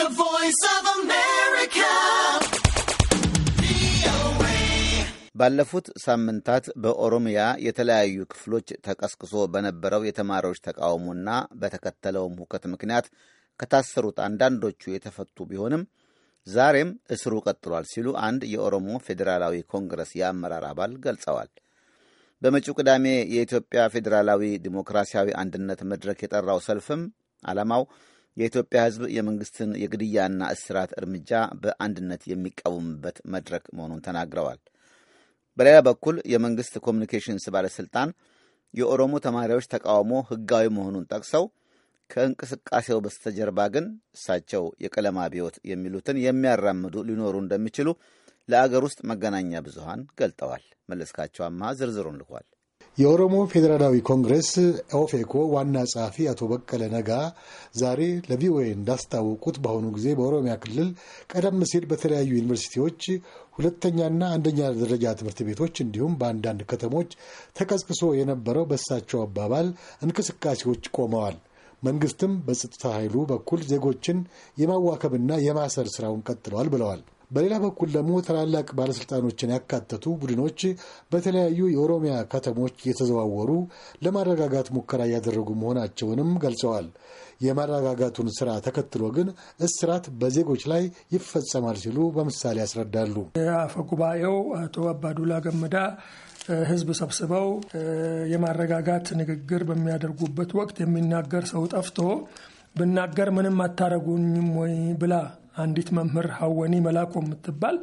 The Voice of America. ባለፉት ሳምንታት በኦሮሚያ የተለያዩ ክፍሎች ተቀስቅሶ በነበረው የተማሪዎች ተቃውሞና በተከተለውም ሁከት ምክንያት ከታሰሩት አንዳንዶቹ የተፈቱ ቢሆንም ዛሬም እስሩ ቀጥሏል ሲሉ አንድ የኦሮሞ ፌዴራላዊ ኮንግረስ የአመራር አባል ገልጸዋል። በመጪው ቅዳሜ የኢትዮጵያ ፌዴራላዊ ዲሞክራሲያዊ አንድነት መድረክ የጠራው ሰልፍም ዓላማው የኢትዮጵያ ሕዝብ የመንግስትን የግድያና እስራት እርምጃ በአንድነት የሚቃወምበት መድረክ መሆኑን ተናግረዋል። በሌላ በኩል የመንግስት ኮሚኒኬሽንስ ባለሥልጣን የኦሮሞ ተማሪዎች ተቃውሞ ሕጋዊ መሆኑን ጠቅሰው ከእንቅስቃሴው በስተጀርባ ግን እሳቸው የቀለም አብዮት የሚሉትን የሚያራምዱ ሊኖሩ እንደሚችሉ ለአገር ውስጥ መገናኛ ብዙሃን ገልጠዋል። መለስካቸው አማሃ ዝርዝሩን ልኳል። የኦሮሞ ፌዴራላዊ ኮንግሬስ ኦፌኮ ዋና ጸሐፊ አቶ በቀለ ነጋ ዛሬ ለቪኦኤ እንዳስታወቁት በአሁኑ ጊዜ በኦሮሚያ ክልል ቀደም ሲል በተለያዩ ዩኒቨርሲቲዎች ሁለተኛና አንደኛ ደረጃ ትምህርት ቤቶች እንዲሁም በአንዳንድ ከተሞች ተቀስቅሶ የነበረው በሳቸው አባባል እንቅስቃሴዎች ቆመዋል። መንግስትም በጸጥታ ኃይሉ በኩል ዜጎችን የማዋከብና የማሰር ስራውን ቀጥለዋል ብለዋል። በሌላ በኩል ደግሞ ታላላቅ ባለስልጣኖችን ያካተቱ ቡድኖች በተለያዩ የኦሮሚያ ከተሞች እየተዘዋወሩ ለማረጋጋት ሙከራ እያደረጉ መሆናቸውንም ገልጸዋል። የማረጋጋቱን ስራ ተከትሎ ግን እስራት በዜጎች ላይ ይፈጸማል ሲሉ በምሳሌ ያስረዳሉ። አፈጉባኤው አቶ አባዱላ ገመዳ ህዝብ ሰብስበው የማረጋጋት ንግግር በሚያደርጉበት ወቅት የሚናገር ሰው ጠፍቶ ብናገር ምንም አታረጉኝም ወይ ብላ አንዲት መምህር ሀወኒ መላኮ የምትባል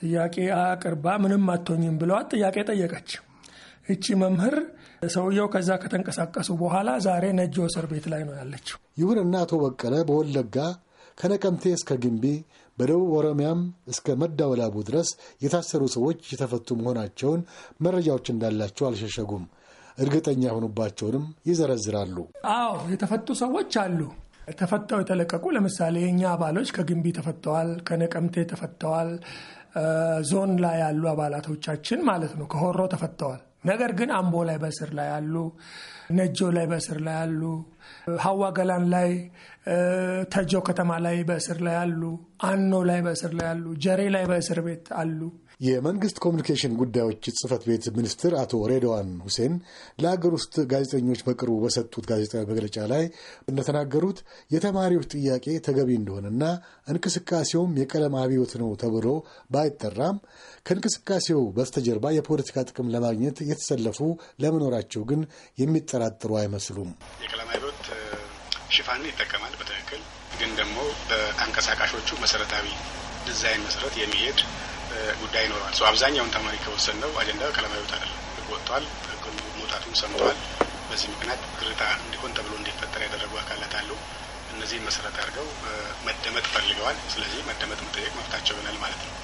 ጥያቄ አቅርባ ምንም አትሆኝም ብለዋት ጥያቄ ጠየቀች። እቺ መምህር ሰውየው ከዛ ከተንቀሳቀሱ በኋላ ዛሬ ነጆ እስር ቤት ላይ ነው ያለችው። ይሁንና አቶ በቀለ በወለጋ ከነቀምቴ እስከ ግንቢ በደቡብ ኦሮሚያም እስከ መዳወላቡ ድረስ የታሰሩ ሰዎች የተፈቱ መሆናቸውን መረጃዎች እንዳላቸው አልሸሸጉም። እርግጠኛ የሆኑባቸውንም ይዘረዝራሉ። አዎ የተፈቱ ሰዎች አሉ። ተፈተው የተለቀቁ ለምሳሌ የእኛ አባሎች ከግንቢ ተፈተዋል፣ ከነቀምቴ ተፈተዋል። ዞን ላይ ያሉ አባላቶቻችን ማለት ነው ከሆሮ ተፈተዋል። ነገር ግን አምቦ ላይ በስር ላይ አሉ፣ ነጆ ላይ በስር ላይ አሉ፣ ሀዋ ገላን ላይ ተጆ ከተማ ላይ በስር ላይ አሉ፣ አኖ ላይ በስር ላይ አሉ፣ ጀሬ ላይ በእስር ቤት አሉ። የመንግስት ኮሚኒኬሽን ጉዳዮች ጽህፈት ቤት ሚኒስትር አቶ ሬድዋን ሁሴን ለሀገር ውስጥ ጋዜጠኞች በቅርቡ በሰጡት ጋዜጣዊ መግለጫ ላይ እንደተናገሩት የተማሪዎች ጥያቄ ተገቢ እንደሆነና እንቅስቃሴውም የቀለም አብዮት ነው ተብሎ ባይጠራም ከእንቅስቃሴው በስተጀርባ የፖለቲካ ጥቅም ለማግኘት የተሰለፉ ለመኖራቸው ግን የሚጠራጥሩ አይመስሉም። የቀለማ ሕይወት ሽፋንን ይጠቀማል። በትክክል ግን ደግሞ በአንቀሳቃሾቹ መሰረታዊ ዲዛይን መሰረት የሚሄድ ጉዳይ ይኖረዋል። አብዛኛውን ተማሪ ከወሰን ነው አጀንዳ ቀለማ ሕይወት አይደለም። ወጥቷል። ሕግ መውጣቱን ሰምተዋል። በዚህ ምክንያት ግርታ እንዲሆን ተብሎ እንዲፈጠር ያደረጉ አካላት አሉ። እነዚህን መሰረት አድርገው መደመጥ ፈልገዋል። ስለዚህ መደመጥ መጠየቅ መብታቸው ይሆናል ማለት ነው።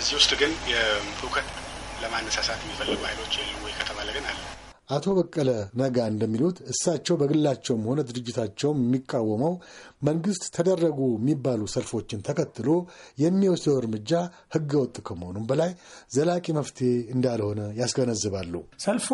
እዚህ ውስጥ ግን የእውቀት ለማነሳሳት የሚፈልጉ ኃይሎች የሉ ወይ ከተባለ ግን አለ። አቶ በቀለ ነጋ እንደሚሉት እሳቸው በግላቸውም ሆነ ድርጅታቸው የሚቃወመው መንግስት ተደረጉ የሚባሉ ሰልፎችን ተከትሎ የሚወስደው እርምጃ ህገወጥ ከመሆኑም በላይ ዘላቂ መፍትሄ እንዳልሆነ ያስገነዝባሉ። ሰልፉ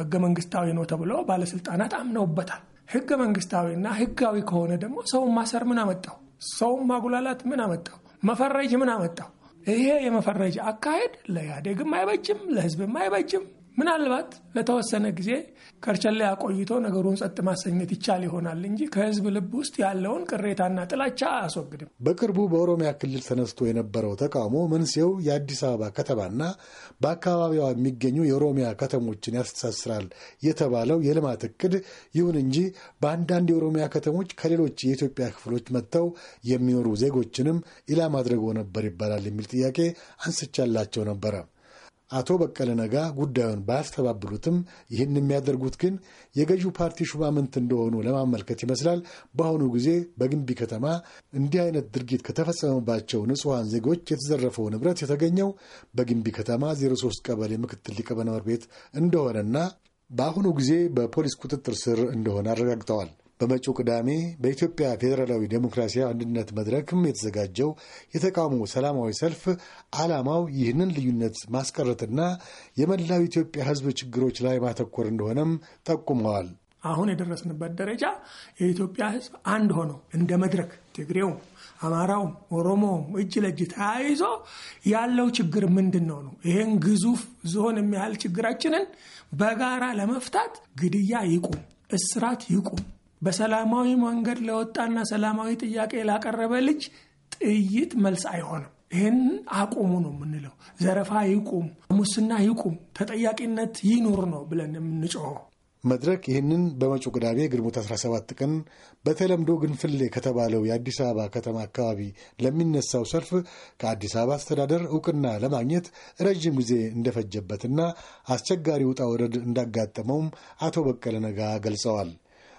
ህገ መንግስታዊ ነው ተብሎ ባለስልጣናት አምነውበታል። ህገ መንግስታዊና ህጋዊ ከሆነ ደግሞ ሰውን ማሰር ምን አመጣው? ሰውን ማጉላላት ምን አመጣው? መፈረጅ ምን አመጣው? ይሄ የመፈረጅ አካሄድ ለኢህአዴግም አይበጅም፣ ለህዝብም አይበጅም። ምናልባት ለተወሰነ ጊዜ ከርቸን ላይ አቆይቶ ነገሩን ጸጥ ማሰኘት ይቻል ይሆናል እንጂ ከህዝብ ልብ ውስጥ ያለውን ቅሬታና ጥላቻ አያስወግድም። በቅርቡ በኦሮሚያ ክልል ተነስቶ የነበረው ተቃውሞ መንስኤው የአዲስ አበባ ከተማና በአካባቢዋ የሚገኙ የኦሮሚያ ከተሞችን ያስተሳስራል የተባለው የልማት እቅድ ይሁን እንጂ በአንዳንድ የኦሮሚያ ከተሞች ከሌሎች የኢትዮጵያ ክፍሎች መጥተው የሚኖሩ ዜጎችንም ኢላማ አድርጎ ነበር ይባላል የሚል ጥያቄ አንስቻላቸው ነበረ። አቶ በቀለ ነጋ ጉዳዩን ባያስተባብሉትም ይህን የሚያደርጉት ግን የገዢው ፓርቲ ሹማምንት እንደሆኑ ለማመልከት ይመስላል። በአሁኑ ጊዜ በግንቢ ከተማ እንዲህ አይነት ድርጊት ከተፈጸመባቸው ንጹሐን ዜጎች የተዘረፈው ንብረት የተገኘው በግንቢ ከተማ 03 ቀበሌ ምክትል ሊቀመንበር ቤት እንደሆነና በአሁኑ ጊዜ በፖሊስ ቁጥጥር ስር እንደሆነ አረጋግጠዋል። በመጪው ቅዳሜ በኢትዮጵያ ፌዴራላዊ ዴሞክራሲያዊ አንድነት መድረክም የተዘጋጀው የተቃውሞ ሰላማዊ ሰልፍ ዓላማው ይህንን ልዩነት ማስቀረትና የመላው ኢትዮጵያ ሕዝብ ችግሮች ላይ ማተኮር እንደሆነም ጠቁመዋል። አሁን የደረስንበት ደረጃ የኢትዮጵያ ሕዝብ አንድ ሆኖ እንደ መድረክ ትግሬውም፣ አማራውም፣ ኦሮሞውም እጅ ለእጅ ተያይዞ ያለው ችግር ምንድን ነው ነው ይህን ግዙፍ ዝሆን የሚያህል ችግራችንን በጋራ ለመፍታት ግድያ ይቁም፣ እስራት ይቁም በሰላማዊ መንገድ ለወጣና ሰላማዊ ጥያቄ ላቀረበ ልጅ ጥይት መልስ አይሆንም። ይህን አቁሙ ነው የምንለው። ዘረፋ ይቁም፣ ሙስና ይቁም፣ ተጠያቂነት ይኑር ነው ብለን የምንጮኸው። መድረክ ይህንን በመጪው ቅዳሜ ግንቦት 17 ቀን በተለምዶ ግንፍሌ ከተባለው የአዲስ አበባ ከተማ አካባቢ ለሚነሳው ሰልፍ ከአዲስ አበባ አስተዳደር እውቅና ለማግኘት ረዥም ጊዜ እንደፈጀበትና አስቸጋሪ ውጣ ውረድ እንዳጋጠመውም አቶ በቀለ ነጋ ገልጸዋል።